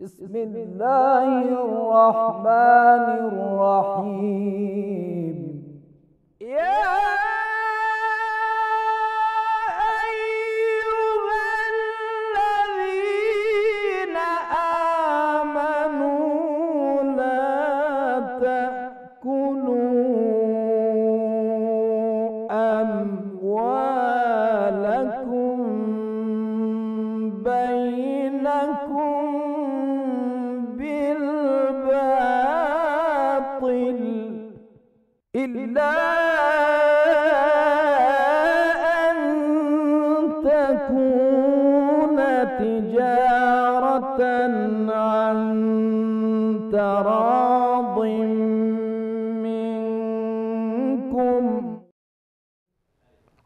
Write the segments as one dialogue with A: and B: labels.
A: بسم الله الرحمن الرحيم يا إلا أن تكون تجارة عن تراض منكم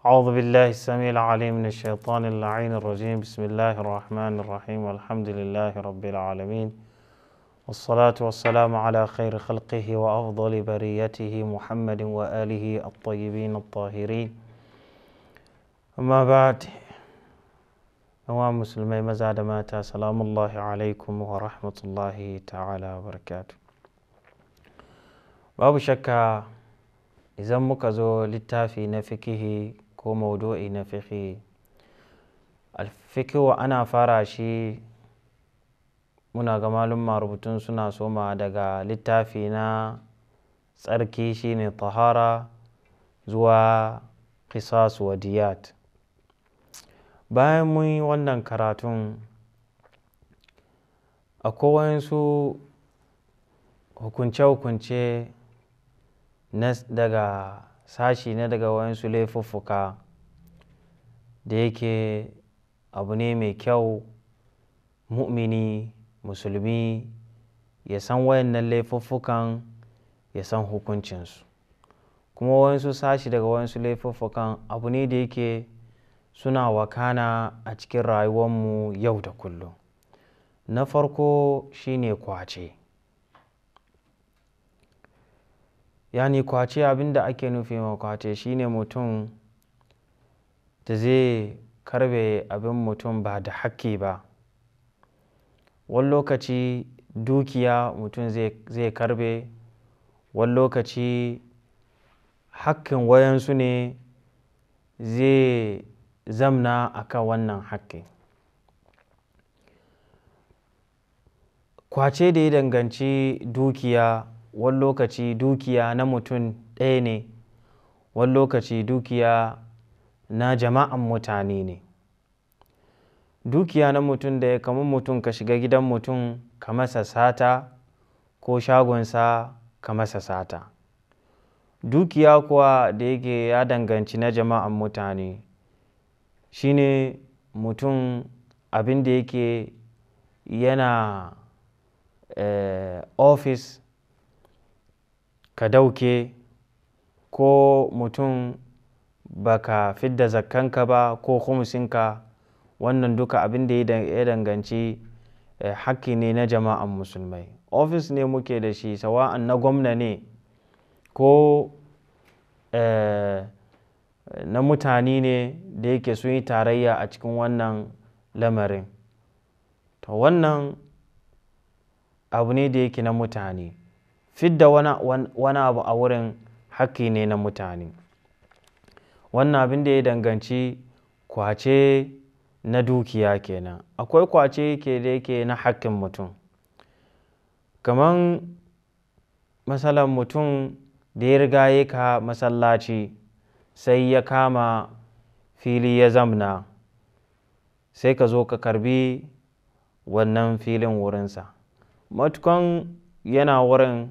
A: أعوذ بالله السميع العليم من الشيطان اللعين الرجيم بسم الله الرحمن الرحيم والحمد لله رب العالمين والصلاة والسلام على خير خلقه وأفضل بريته محمد وآله الطيبين الطاهرين أما بعد نوام مسلمي مزاد ماتا سلام الله عليكم ورحمة الله تعالى وبركاته باب شكا إذا مكزو للتافي نفكه كو موضوعي نفكه الفكه وأنا فراشي muna ga malum rubutun suna soma daga littafi na tsarki shine tahara zuwa kisasu wa bayan mun yi wannan karatun akwai su hukunce-hukunce daga sashi na daga wayansu laifuffuka da yake abu ne mai kyau mu'mini musulmi ya san wayannan laifuffukan ya san hukuncinsu kuma wayansu sashi daga wayansu laifuffukan abu ne da yake suna wakana a cikin rayuwarmu yau da kullum na farko shine kwace yani kwace abin da ake nufi ma kwace shine mutum da zai karbe abin mutum ba da haƙƙi ba wani lokaci dukiya mutum zai karɓe wani lokaci haƙƙin wayansu ne zai zamna a kan wannan hakkin kwace da ya danganci dukiya wani lokaci dukiya na mutum ɗaya ne wani lokaci dukiya na jama'an mutane ne dukiya na mutum da ya kama mutum ka shiga gidan mutum ka masa sata ko shagonsa ka masa sata dukiya kuwa da yake ya danganci na jama'an mutane shine mutum abin da yake yana eh, ofis ka dauke ko mutum baka fidda zakkanka ba ko kumusinka wannan duka abin da ya danganci eh, hakki ne na jama'an musulmai ofis ne muke da shi sawa'an na gwamna ne ko eh, na mutane ne da yake sun yi tarayya a cikin wannan lamarin to wannan abu ne da yake na mutane fidda wani abu a wurin haƙƙi ne na mutane wannan abin da ya danganci kwace na dukiya kenan akwai kwace ke da yake na haƙƙin mutum kaman masalan mutum da ya riga ya ka masallaci sai ya kama fili ya zamna sai ka zo ka karbi wannan filin wurinsa matukan yana wurin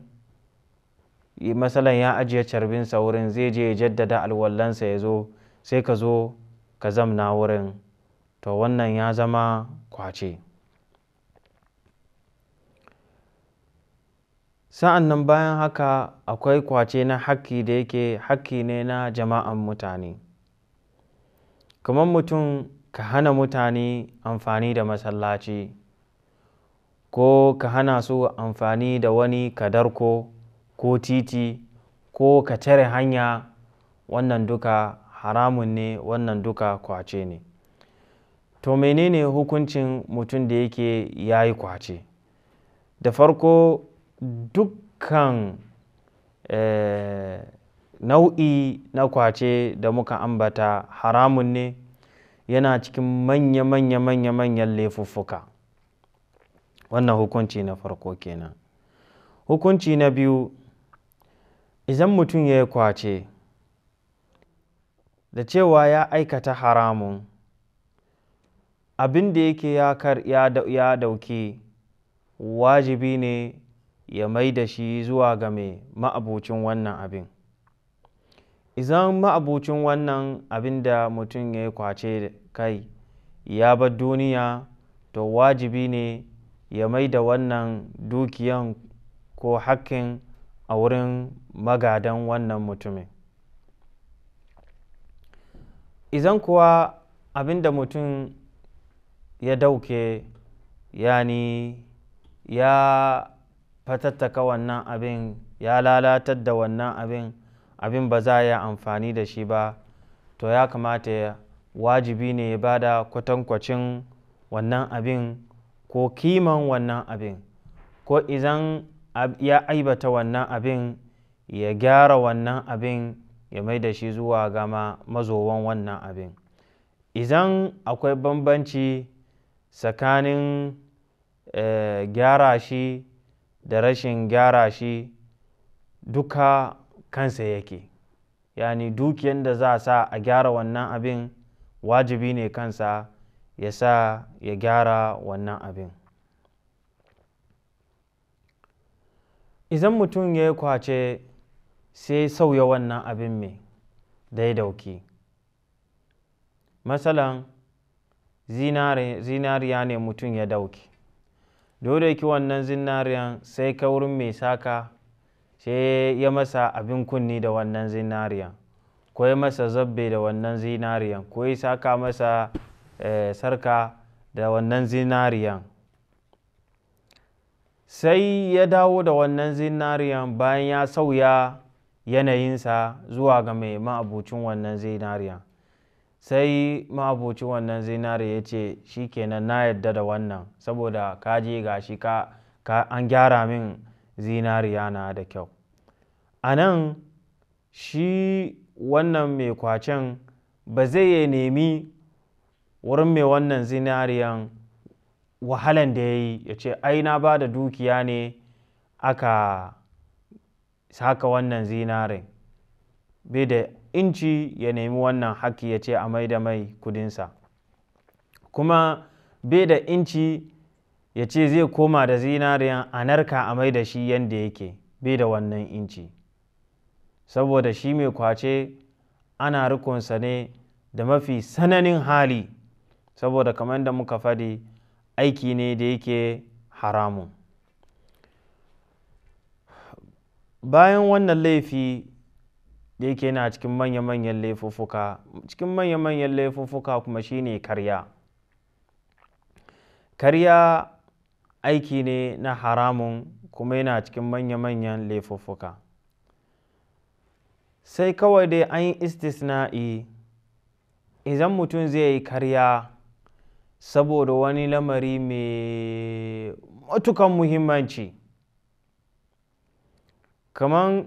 A: masalan ya ajiye carbinsa wurin zai je ya jaddada alwallansa ya zo sai ka zo ka zamna wurin to wannan ya zama kwace sa'an nan bayan haka akwai kwace na haƙƙi da yake haƙƙi ne na jama'an mutane kamar mutum ka hana mutane amfani da masallaci ko ka hana su amfani da wani kadarko ko titi ko ka tare hanya wannan duka haramun ne wannan duka kwace ne to menene hukuncin mutum da yake ya yi kwace da farko dukkan eh, nau'i na kwace da muka ambata haramun ne yana cikin manya-manya-manya-manyan laifuffuka wannan hukunci na farko kenan hukunci na biyu idan mutum ya yi kwace da cewa ya aikata haramun abin da yake ya ɗauki wajibi ne ya mai da shi zuwa ga mai ma'abocin wannan abin idan ma'abocin wannan abin da mutum ya yi kwace kai ya bar duniya to wajibi ne ya mai da wannan dukiyan ko hakkin a wurin magadan wannan mutumin izan kuwa abin da mutum ya dauke yani ya fatattaka wannan abin ya lalatar da wannan abin abin ba za a yi amfani da shi ba to ya kamata wajibi ne ya bada kwatankwacin wannan abin ko kiman wannan abin ko izan ya aibata wannan abin ya gyara wannan abin ya mai da shi zuwa gama mazowan wannan abin izan akwai bambanci tsakanin eh, gyara shi da rashin gyara shi duka kansa yake yani dukiyan da za a sa a gyara wannan abin wajibi ne kansa ya sa ya gyara wannan abin idan mutum ya yi kwace sai sauya wannan abin mai da ya dauki matsalan zinariya ne mutum ya dauke dole ki wannan zinariyan sai ka wurin mai saka sai ya masa abin kunni da wannan zinariyan ko ya masa zabbe da wannan zinariyan ko ya saka masa eh, sarka da wannan zinariyan sai ya dawo da wannan zinariyan bayan ya sauya yanayinsa zuwa ga mai ma'abucin wannan zinariya. sai ma'abocin wannan zinari ya ce shi kenan na yadda da wannan saboda ka je ga shi ka an gyara min zinariya na da kyau a nan shi wannan mai kwacen ba zai ya nemi wurin mai wannan zinariyan wahalan da ya yi ya ce ai na ba da dukiya ne aka saka wannan zinarin bai da inci ya nemi wannan haƙƙi ya ce a mai da mai kudinsa kuma bai da inci ya ce zai koma da zinariyan a narka a mai da shi yadda yake bai da wannan inci saboda shi mai kwace ana rikonsa ne da mafi sananin hali saboda kamar da muka faɗi aiki ne da yake haramun bayan wannan laifi da yake yana cikin manya-manyan laifuffuka cikin manya-manyan laifuffuka kuma shine karya karya aiki ne na haramun kuma yana cikin manya-manyan laifuffuka sai kawai dai an yi istisna'i idan mutum zai yi karya saboda wani lamari mai matukan muhimmanci kamar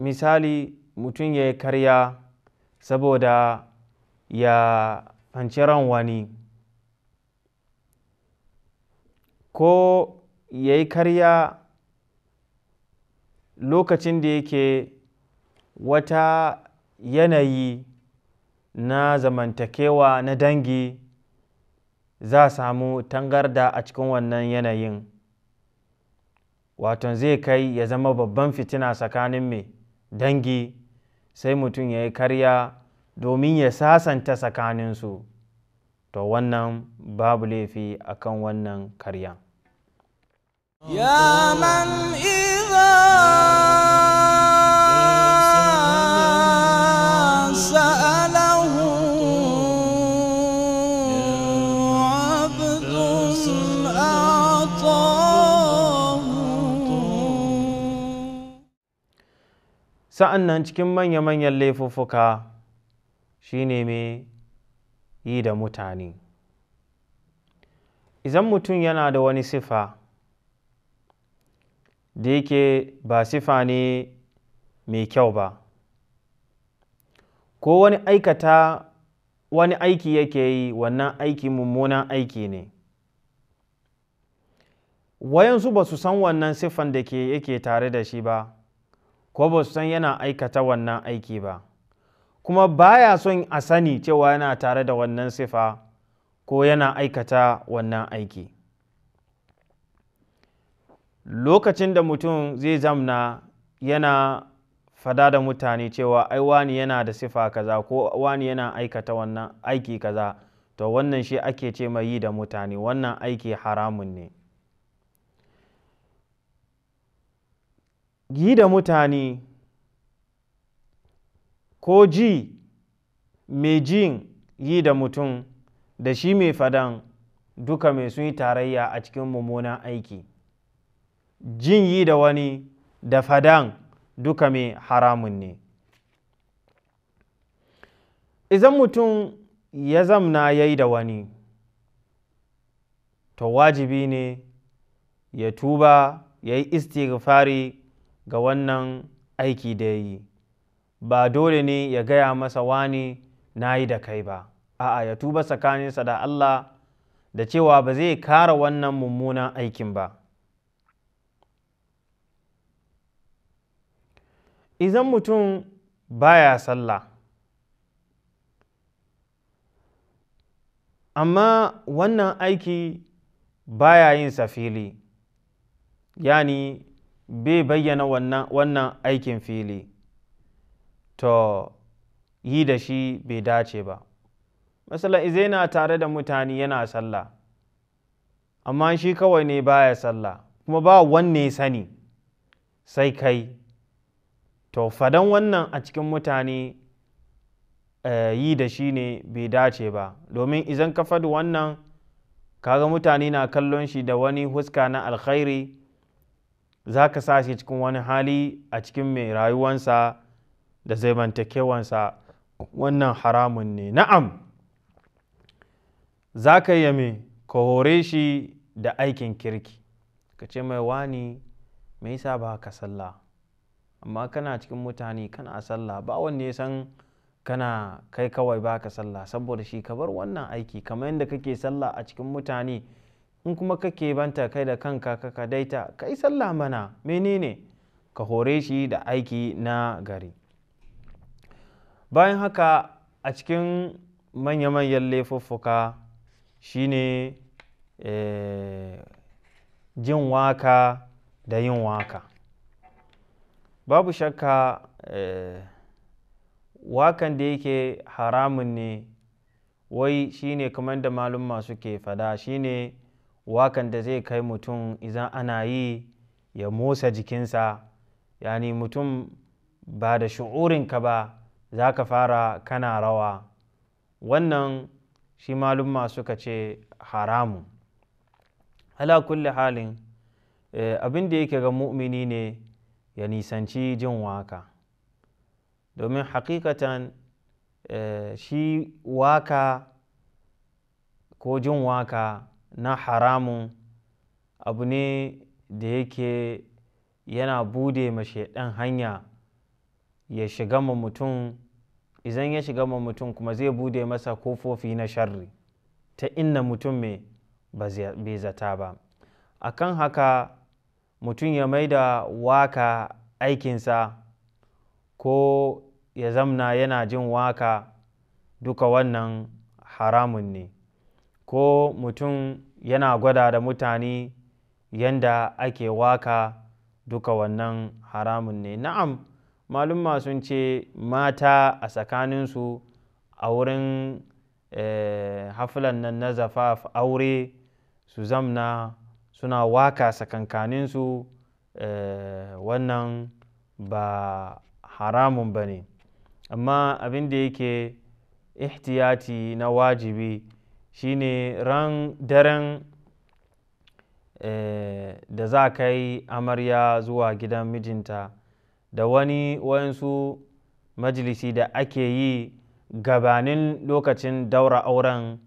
A: misali mutum ya yi karya saboda ya fanci ran wani ko ya yi karya lokacin da yake wata yanayi na zamantakewa na dangi za a samu tangarda a cikin wannan yanayin waton zai kai ya zama babban fitina tsakanin mai dangi sai mutum ya yi karya domin ya sasanta tsakaninsu to wannan babu laifi akan wannan karya. Ya man sa'an nan cikin manya-manyan laifuffuka shi ne mai yi da mutane izan mutum yana da wani sifa da yake ba sifa ne mai kyau ba ko wani aikata wani aiki yake yi wannan aiki mummunan aiki ne wayansu ba su san wannan siffan da yake tare da shi ba ko ba san yana aikata wannan aiki ba kuma baya son a sani cewa yana tare da wannan sifa ko yana aikata wannan aiki lokacin da mutum zai zamna yana fada da mutane cewa ai wani yana da sifa kaza ko wani yana aikata wannan aiki kaza to wannan shi ake ce mai yi da mutane wannan aiki haramun ne Yi da mutane ko ji mai jin yi da mutum da shi mai fadan duka mai sun yi tarayya a cikin mummunan aiki jin yi da wani da fadan duka mai haramun ne idan mutum ya zamna ya yi da wani to wajibi ne ya tuba ya yi istighfari ga wannan aiki da ya yi ba dole ne ya gaya masa wani na yi da kai ba a'a ya tuba tsakaninsa da Allah da cewa ba zai kara wannan mummunan aikin ba idan mutum baya sallah amma wannan aiki baya yin safili yani bai bayyana wannan aikin fili to yi da shi bai dace ba matsala izai tare da mutane yana sallah amma shi kawai ne baya sallah kuma ba wanne sani sai kai to fadan wannan a cikin mutane eh, yi da shi ne bai dace ba domin izan kafa wannan kaga mutane na kallon shi da wani huska na alkhairi za ka sa shi cikin wani hali a cikin mai rayuwansa da zai zamantakewansa wannan haramun ne na'am za ka yame ka hore shi da aikin kirki ka ce mai wani me sa ba ka sallah amma kana cikin mutane kana sallah ba wanda ya san kana kai kawai ba ka sallah saboda shi ka bar wannan aiki kamar yadda kake sallah a cikin mutane in kuma kake banta kai da kanka ka kadaita kai sallah mana menene ka hore shi da aiki na gari bayan haka a cikin manya-manyan laifuffuka shine eh, jin waka da yin waka babu shakka eh, wakan da yake haramun ne wai shine kamar da malumma suke fada shine wakan da zai kai mutum idan ana yi ya motsa jikinsa yani mutum ba da shu'urinka ba za ka fara kana rawa wannan shi malumma suka ce haramu ala kulli halin eh, abin da yake ga mu'mini ne ya nisanci jin waka domin hakikatan eh, shi waka ko jin waka na haramun abu ne da yake yana bude ma shaiɗan hanya ya shiga ma mutum idan ya shiga ma mutum kuma zai bude masa kofofi na sharri ta inna mutum mai bai zata ba akan haka mutum ya maida waka aikinsa ko ya zamna yana jin waka duka wannan haramun ne ko mutum yana gwada da mutane yanda ake waka duka wannan haramun ne na'am malumma sun ce mata a tsakaninsu a wurin eh, hafilan nan na zafaf aure su zamna suna waka sakankaninsu eh, wannan ba haramun ba ne amma abin da yake ihtiyati na wajibi shi ne ran daren eh, da za kai amarya zuwa gidan mijinta da wani wayansu majalisi da ake yi gabanin lokacin daura auren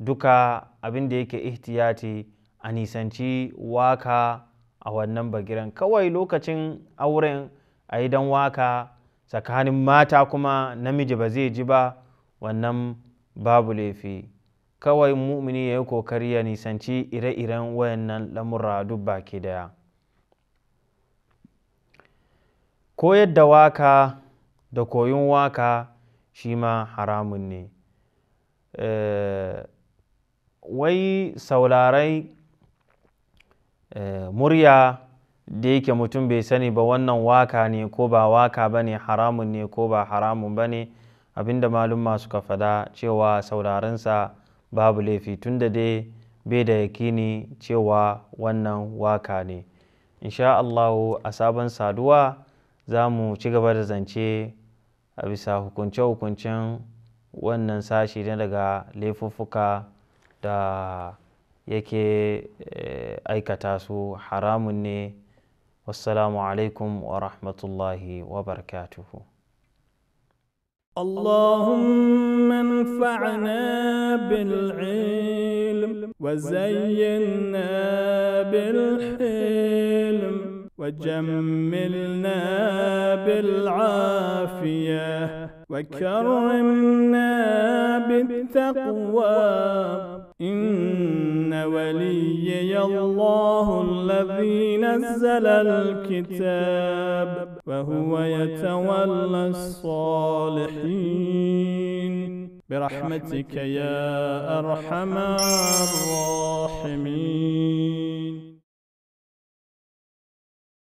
A: duka abin da yake ihtiyati a nisanci waka a wannan bagiren kawai lokacin auren a yi don waka tsakanin mata kuma namiji ba zai ji ba wannan babu laifi kawai mumini ya yi kokari ya nisanci ire-iren wayannan lamura duk baki daya koyar da waka da koyon waka shi ma haramun ne eh, wai saurarai eh, murya da yake mutum bai sani ba wannan waka ne ko ba waka ba ne haramun ne ko ba haramun ba ne abinda malumma suka fada cewa saurarensa babu laifi tun da dai bai da yakini cewa wannan waka ne insha Allahu a sabon saduwa za mu ci gaba da zance a bisa hukunce-hukuncen wannan sashi ne daga laifuffuka da yake eh, aikata su haramun ne wassalamu alaikum wa rahmatullahi wa barakatuhu اللهم انفعنا بالعلم وزينا بالحلم وجملنا بالعافية وكرمنا بالتقوى إن وليي الله الذي نزل الكتاب وهو يتولى الصالحين برحمتك يا أرحم الراحمين